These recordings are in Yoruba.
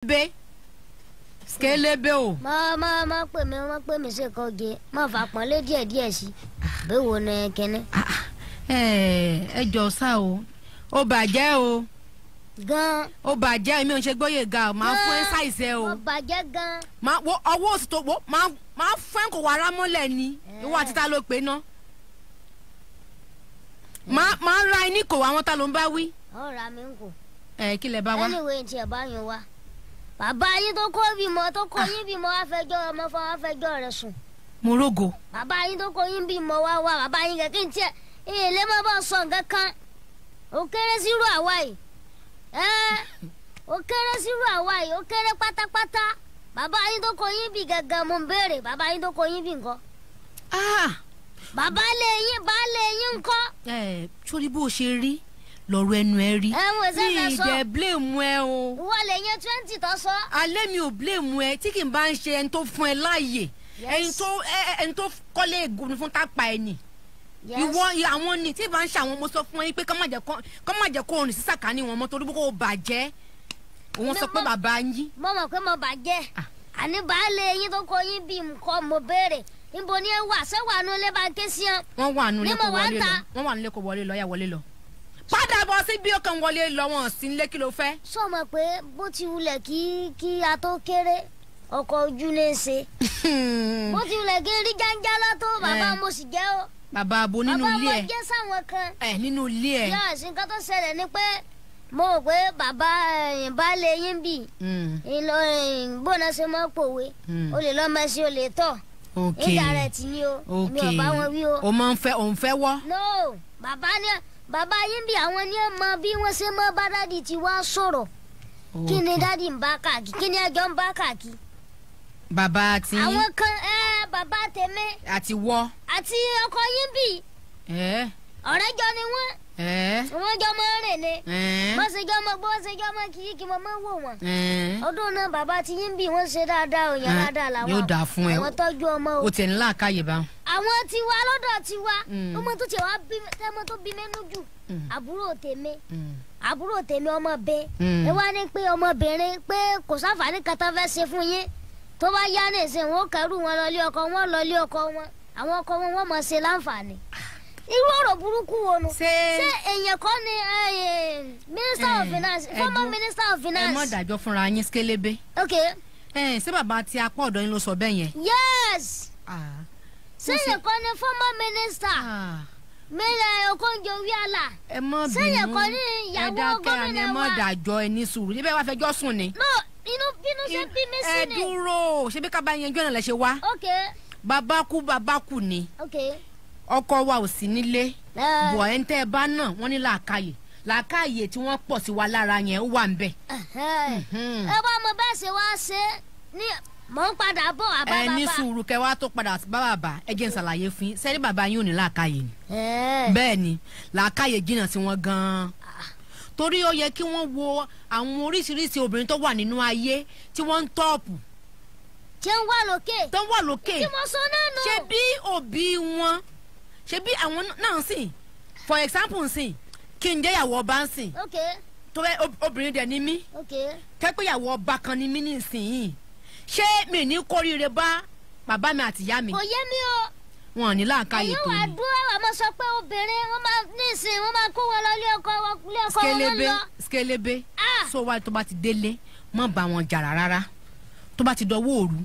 be skelebe o. má má má pè mí má pè mí ṣe kọ́ ge má fà pọ́nlé díẹ̀ díẹ̀ sí i bẹ́ẹ̀ wo ni kẹ́ni. Ah, ah. ẹ jọ sá o ó bàjẹ́ o. gan. ó bàjẹ́ mi ò ṣe gbóyè ga o máa fún ẹ ṣàìṣe o. ó bàjẹ́ gan. máa wo ọwọ́ òsì tó wo máa fún ẹ kò wá rámọ́lẹ̀ ni eh. ìwọ àti ta ló pè ná. máa ra ẹ kò àwọn ta ló ń bá wí. ọ̀rọ̀ mi ń kò. Eh, ẹ kí lè bá wa. ẹni wo ti ẹ̀ bá yẹn wa bàbá yín tó kó bímọ tó kó ah. yín bímọ wá fẹjọ́ ọmọ fún wá fẹjọ́ rẹ̀ sùn. mo rògò. bàbá yín tó kó yín bímọ wá wá bàbá yín kẹ̀kẹ́ tiẹ̀ èlé má bá sọ nǹkan kan ó kéré sírú àwa yìí ẹ ó kéré sírú àwa yìí ó kéré pátápátá bàbá yín tó kó yín bí gàgà mo ń béèrè bàbá yín tó kó yín bí nǹkan. Ah! bàbá lè yín bá lè yín nǹkan. ẹ sórí bó ṣe rí lọ́rọ̀ ẹnu ẹ rí. ẹ mo ṣe fẹ́ sọ ní ìdẹ blame ẹ o. wọ́n lè yan twenty tó sọ. alẹ́ mi ò blame ẹ tí kì í bá ń ṣe ẹni tó fún ẹ láàyè ẹni tó ẹni tó kọ́lé ègún fún tápà ẹ nì. ìwọ àwọn ni tí ì bá ń ṣe àwọn ọmọ sọ fún ẹ pé kọ́ má jẹ́ kó o rìn sí sàkání wọn mọ́ torí bó kò bàjẹ́ òun sọ pé bàbá yín. mo mọ̀ pé mo bàjẹ́ ah. àní baálé yín tó kọ yín bí nǹkan mo béèrè níbo ni ẹ wà ṣé wà nulẹ̀ bá ké sí ẹ. wọ́n wà nulẹ̀ kó wọlé lọ wọ́n wà nulẹ̀ kó wọlé lọ yà wọlé lọ padà bọ̀ sí bí ó kàn wọlé lọ́wọ́n sí nílé kí ló fẹ́. sọ ma pé bó ti wulẹ̀ kí kí a tó kéré ọkọ̀ ojú lè ṣe. Hmm. bó ti wulẹ̀ kí rí jáńjálá tó bàbá eh. mo sì jẹ́ o. bàbá abo nínú ilé ẹ bàbá mo jẹ́ sáwọn kan. ẹ eh, nínú ilé ẹ. yóò sì nǹkan tó ṣẹlẹ̀ ni pé mo rò pé bàbá ìbálẹ̀ eh, yín bì hmm. ìlọ ìgbóná ṣe mọ́ pòwe hmm. o lè lọ́mọ sí o lè tọ̀ ok ìdàrẹ̀ tì o mi ò bá wọn wí o. o máa ń fẹ́ òun fẹ́ wọ́. no ni bàbá yín bí àwọn ni ẹ mọ bí wọ́n ṣe mọ bá dádì ti wá sọ̀rọ̀ kí ni dádì ń bá káàkiri kí ni ẹjọ́ ń bá káàkiri. bàbá àti. àwọn kan ẹ bàbá tèmi. àti wọ. àti ọkọ yín bì. ọ̀rẹ́jọ ni wọ́n wọ́n jọ máa ń rìn ni wọ́n eh? ṣe jọ máa gbọ́ wọ́n ṣe jọ máa kiri kí wọ́n máa wò wọ́n eh? ọdún náà bàbá ti yín bí wọ́n ṣe dáadáa òyìn eh? dáadáa làwọn yóò dáa fún ẹ àwọn tọ́jú ọmọ o tẹ̀ ńlá àkáyè bá. àwọn tiwa lọ́dọ̀ tiwa hmm. ọmọ tó tiẹ̀ wá bí tẹ́mọ tó bí mẹ́nu jù hmm. àbúrò tèmi hmm. àbúrò tèmi ọmọ bẹ ẹ wá ní pé ọmọbìnrin pé kò sáfàní kata fẹ́ ṣe fún yín tó bá yá ní ìsìn wọn kẹrù wọn lọ ọkọ wọn lọ ọkọ wọn àwọn ọkọ wọn wọn mọ̀ ṣe láǹfààní ah irú ọ̀rọ̀ burúkú wo nu ṣé èèyàn kọ́ ni eh, minister of eh, finance former minister of finance. ẹ mọ̀ dájọ́ fúnra yín skélébé. ok. Eh, ṣé bàbá ti apá ọ̀dọ́ yín ló sọ bẹ́ẹ̀ yẹn. yes. Ah. ṣé èèyàn kọ́ ni former minister. Ah mílẹ̀ okonjo wíàlà. ẹ mọ bínú sẹyìn kọ ní ìyàwó gómìnà wa ẹ mọ dájọ́ ẹ ní sùúrù níbẹ̀ wàá fẹjọ́ sùn ni. no inú bínú ṣe bí mi sí ni. ẹ dúró ṣebí ká bá yẹn jọ́nà lẹ ṣe wá. ok. bàbá kú bàbá kú ni. ok ọkọ wa ò sí nílé bọ̀ ẹ́ ń tẹ́ ẹ bá náà wọ́n ní làákàyè làákàyè tí wọ́n pọ̀ sí wa lára yẹn ó wà ń bẹ̀. Mhm. ẹ wá mo bẹ́ẹ̀ ṣe wá ṣe ní mò ń padà bọ̀ wá bá bàbá. ẹ ní sùúrù kẹ wá tó padà bá bàbá ẹ jẹ́ n ṣàlàyé fún yín sẹ́ni bàbá yín ò ní làákàyè ni. bẹ́ẹ̀ ni làákàyè jìnnà sí wọn gan-an ah. torí ó yẹ kí wọ́n wo àwọn oríṣiríṣi obìnrin tó wà nínú ayé tí wọ́n ń tọ́ọ̀pù tí ń wà lókè. tó ń wà lókè. tí náà nù. ṣe bí òbí wọn ṣe bí àwọn náà sìn for example sìn kí n jẹ́ ìyàwó ọba sìn tó bẹ obìnrin dẹ̀ ni mí kẹ́pẹ́ ìyàwó ọba kan ni mí nísìnyìí ṣé mi ní kóríire bá bàbá mi àti ìyá mi. kò yé mi o. wọn ò ní láàkáyè tó ní. èyí wàá dúró àmọ́ sọ pé obìnrin wọn máa nísìn wọn máa kó wọn lọ ilé ọkọ wọn lọ. skelebe skelebe ah! so wa tó bá ti délé má bá wọn jà rárá tó bá ti dọwọ́ òru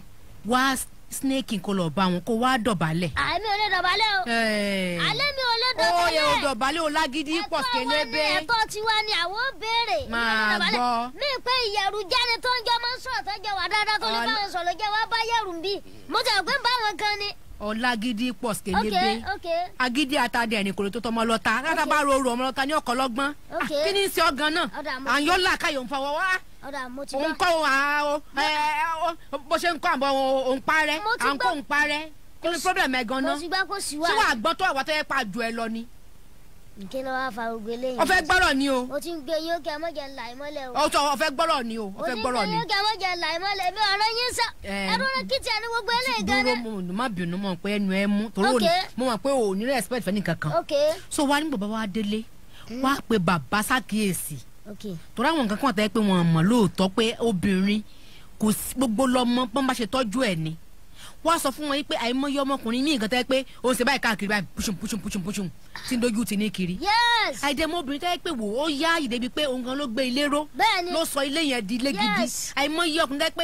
wá snake kò lọ bá wọn kó wá dọ̀bálẹ̀. àmì ò lè dọ̀bálẹ̀ o. alẹ́ mi ò lè dọ̀bálẹ̀. ó yẹ o dọ̀bálẹ̀ o lágídí pọ̀ kélébé. ẹ̀kọ́ tiwa ni àwọn béèrè. máa gbọ́. mi pé ìyẹ̀rù jáde tó ń jẹ́ máa ń sọ̀rọ̀ tó jẹ́ wà dáadáa tó lè bá wọn sọ̀rọ̀ jẹ́ wá bá yẹ̀rù ń bí. mo tẹ̀ pé báwọn kan ni ọlágídí pọ̀ kélébé agídí atadé ẹni kòrò tó tọmọ lọ́ta ah, látàbárò òun kọ́ wa bó ṣe ń kọ́ àbọ̀ òun parẹ́ à ń kó òun parẹ́ kí ni problem ẹ̀ gan-an tí wàá gbọ́ tó àwọn tó yẹ pa jù ẹ lọ ni. nkí ló wàá fa gbogbo eléyìí. ọfẹ gbọ́rọ̀ ni o. o ti ń gbé yín ó kẹ ọmọ jẹ ńlá ìmọ́lẹ̀ o. o sọ ọfẹ gbọ́rọ̀ ni o ọfẹ gbọ́rọ̀ ni. o ti ń gbé yín ó kẹ ọmọ jẹ ńlá ìmọ́lẹ̀ mi ọ̀rọ̀ yín sọ. ẹrú rẹ kìtì ẹni gbogbo eléyìí gan-an. dúró ti má bínú mọ̀ pé ẹnu ẹ mú torí mo mọ̀ pé o ò ní respect fẹ́ nìkankan. so wa ní bàbá wa délé wa pe bàbá sákìyèsí torí àwọn nǹkan kan pé wọ́n mọ̀ lóòótọ́ pé obìnrin kò sí gbogbo lọ́mọ bọ́n bá ṣe tọ́jú ẹ̀ ni wọ́n sọ fún wọn pé àìmọye ọmọkùnrin ní nǹkan tẹ́ pé ó ṣe báyìí káàkiri báyìí pùṣùn pùṣùn pùṣùn pùṣùn tí ń dojú ti ní kiri. àìdẹ́mọ obìnrin tẹ́ pé wò ó yá ìdẹ́bi pé òun gan ló gbé ilé ró ló sọ ilé yẹn di ilé gidi àìmọye ọkùnrin tẹ́ pé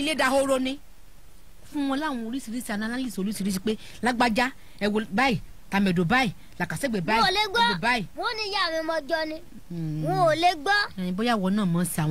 ilé dahoro ni. fún wọn láwọn oríṣiríṣi analysis oríṣiríṣi pé lágbájá ẹ wò báyìí àmẹ̀dò báyìí làkàṣẹ́gbè báyìí. wọn ò lè gbọ́ wọn ní ìyá mi mọ́jọ ni hmm. wọn ò lè gbọ́. bóyá wọn náà mọ̀ sí àwọn.